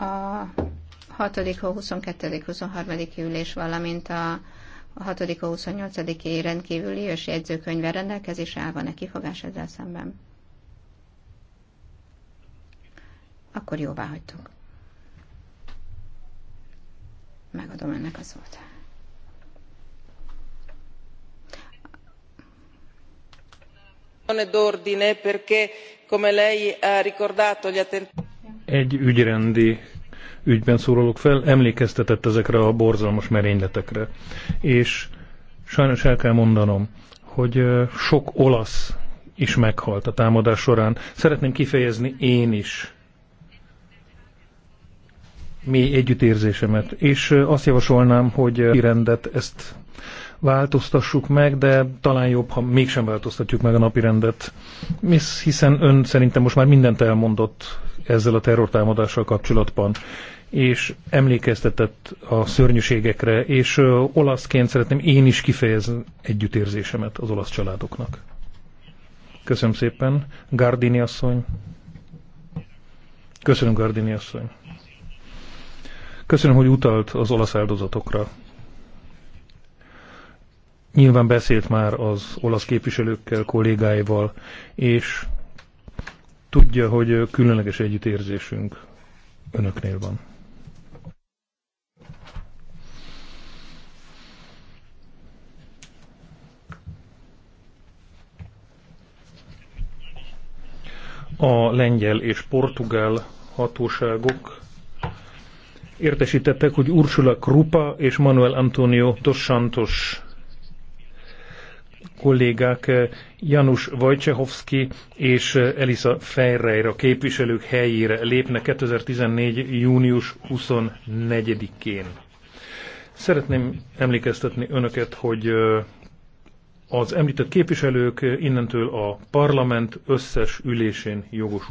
a 6. hó 22. 23. ülés, valamint a 6. hó 28. rendkívüli ős jegyzőkönyve rendelkezésre áll van-e kifogás ezzel szemben? Akkor jóvá hagytuk. Megadom ennek a szót. d'ordine perché, come lei ha ricordato, gli attentati. Egy ügyrendi ügyben szólalok fel, emlékeztetett ezekre a borzalmas merényletekre. És sajnos el kell mondanom, hogy sok olasz is meghalt a támadás során. Szeretném kifejezni én is mi együttérzésemet, és azt javasolnám, hogy rendet ezt változtassuk meg, de talán jobb, ha mégsem változtatjuk meg a napirendet. Hiszen ön szerintem most már mindent elmondott ezzel a terrortámadással kapcsolatban, és emlékeztetett a szörnyűségekre, és olaszként szeretném én is kifejezni együttérzésemet az olasz családoknak. Köszönöm szépen. Gardini asszony. Köszönöm, Gardini asszony. Köszönöm, hogy utalt az olasz áldozatokra. Nyilván beszélt már az olasz képviselőkkel, kollégáival, és tudja, hogy különleges együttérzésünk önöknél van. A lengyel és portugál hatóságok értesítettek, hogy Ursula Krupa és Manuel Antonio dos Santos kollégák eh, Janusz Wojciechowski és eh, Elisa a képviselők helyére lépnek 2014. június 24-én. Szeretném emlékeztetni önöket, hogy eh, az említett képviselők innentől a parlament összes ülésén jogosultak.